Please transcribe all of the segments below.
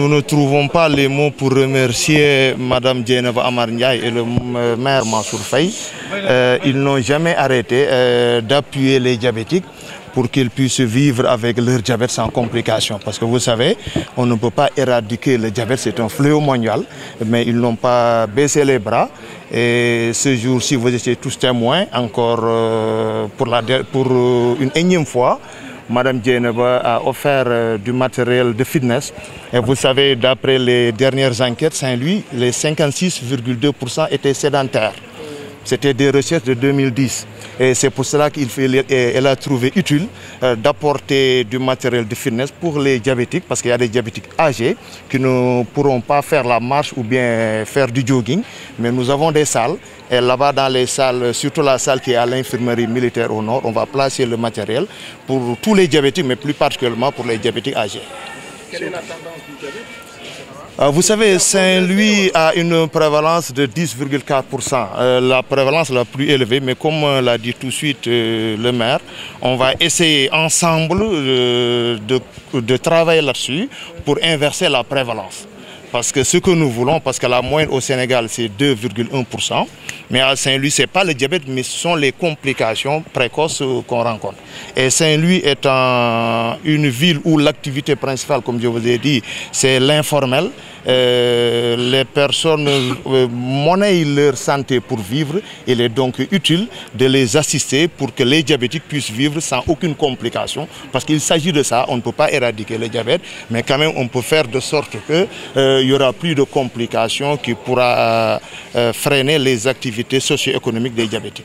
Nous ne trouvons pas les mots pour remercier Madame Djeneva Amar et le euh, maire Mansour Faye. Euh, ils n'ont jamais arrêté euh, d'appuyer les diabétiques pour qu'ils puissent vivre avec leur diabète sans complication. Parce que vous savez, on ne peut pas éradiquer le diabète, c'est un fléau mondial, mais ils n'ont pas baissé les bras. Et ce jour-ci, vous étiez tous témoins, encore pour une énième fois, Madame Dieneba a offert euh, du matériel de fitness. Et vous savez, d'après les dernières enquêtes, Saint-Louis, les 56,2% étaient sédentaires. C'était des recherches de 2010. Et c'est pour cela qu'elle a trouvé utile euh, d'apporter du matériel de fitness pour les diabétiques, parce qu'il y a des diabétiques âgés qui ne pourront pas faire la marche ou bien faire du jogging. Mais nous avons des salles. Et là-bas, dans les salles, surtout la salle qui est à l'infirmerie militaire au nord, on va placer le matériel pour tous les diabétiques, mais plus particulièrement pour les diabétiques âgés. Quelle est la tendance du diabète euh, vous savez, Saint-Louis a une prévalence de 10,4%, euh, la prévalence la plus élevée, mais comme euh, l'a dit tout de suite le maire, on va essayer ensemble de travailler là-dessus pour inverser la prévalence. Parce que ce que nous voulons, parce que la moyenne au Sénégal, c'est 2,1%, mais à Saint-Louis, ce n'est pas le diabète, mais ce sont les complications précoces euh, qu'on rencontre. Et Saint-Louis est une ville où l'activité principale, comme je vous ai dit, c'est l'informel. Euh, les personnes euh, monnaient leur santé pour vivre. Il est donc utile de les assister pour que les diabétiques puissent vivre sans aucune complication. Parce qu'il s'agit de ça, on ne peut pas éradiquer le diabète, mais quand même on peut faire de sorte qu'il euh, il n'y aura plus de complications qui pourra freiner les activités socio-économiques des diabétiques.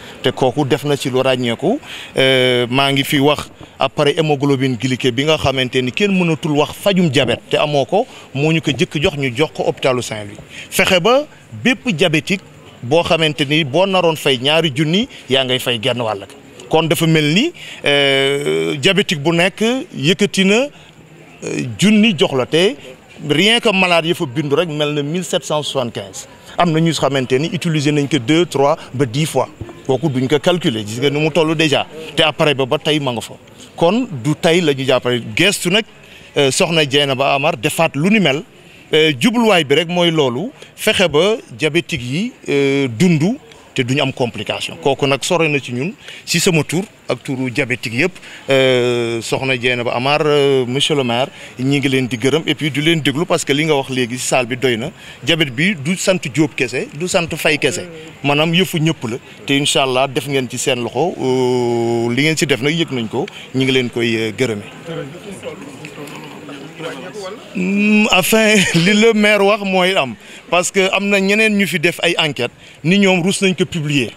te kooku def na ci lu ràññeeku euh, maa ngi fi wax appareil hémoglobine glyquée bi nga xamante ni kenn mënatul wax fajum jabet te amoo ko moo ñu ko jëkk jox ñu jox ko hôpitalu Saint-Louis fexe ba bépp diabétique boo xamante ni boo naroon fay ñaari junni yaa ngay fay genn wàll kon dafa mel ni euh, diabétique bu nekk yëkkati na euh, junni jox la te rien que malade yi fa bindu rek mel 1775 amna ñu xamante ni utiliser nañ ko 2 3 ba 10 fois kooku duñ ko calculer gis nga ni mu toll déjà té appareil ba ba tay ma nga fo kon du tay lañu ñu gestu nak euh, soxna ba Amar defaat lu ni mel euh, way bi rek moy lolu fexé ba diabétique yi euh, dund te duñu am complication kooku nag sore na ci ñun si sama tour ak turu diabétique yëpp euh, soxna ba Amar euh, monsieur le maire ñi ngi leen di gërëm et puis du leen déglu parce que li nga wax léegi si bi doy na diabète bi du sant Jóob kese du sant Fay kese maanaam yëfu ñëpp la te incha allah def ngeen ci seen loxo euh, li ngeen si def nag yëg nañ ko ñi ngi leen koy gërëme Mm, enfin li le maire wax moy am parce que amna ñeneen ñu fi def ay enquêtes ni ñom russe nañ ko publier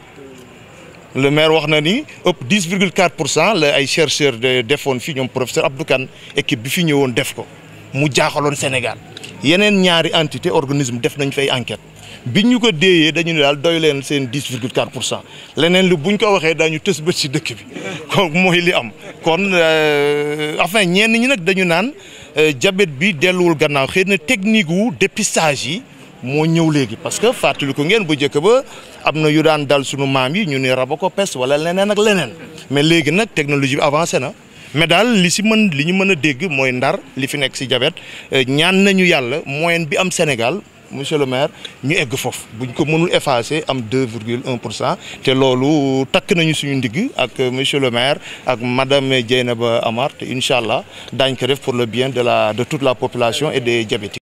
le maire wax na ni ëpp les ay chercheurs de defoon fi ñom professeur Abdou Kane équipe bi fi ñëwoon def ko mu jaxalon Sénégal yeneen ñaari entité organisme def nañ fay enquête bi ñu ko déeyee dañu ne daal doy leen seen dix virgule quatre pour cent leneen lu buñ ko waxee dañu tës bët si dëkk bi kon mooy li am kon euh, enfin ñenn ñi nag dañu naan euh, jabet bi delluwul gannaaw xëy na technique wu dépistage yi moo ñëw léegi parce que fàttali ko ngeen bu njëkk ba am na yu daan dal sunu maam yi ñu ne raba ko pes wala leneen ak leneen mais léegi nag technologie bi avancé na mais daal li si mën li ñu mën a dégg mooy ndar li fi nekk si jabet euh, ñaan nañu yàlla moyenne bi am Sénégal monsieur le maire nous sommes foofu buñ ko mënul effacer am 2,1%, virgule un pour nous sommes monsieur le maire ak madame Dieynaba Amart, Inch'Allah, incha pour le bien de la de toute la population et des diabétiques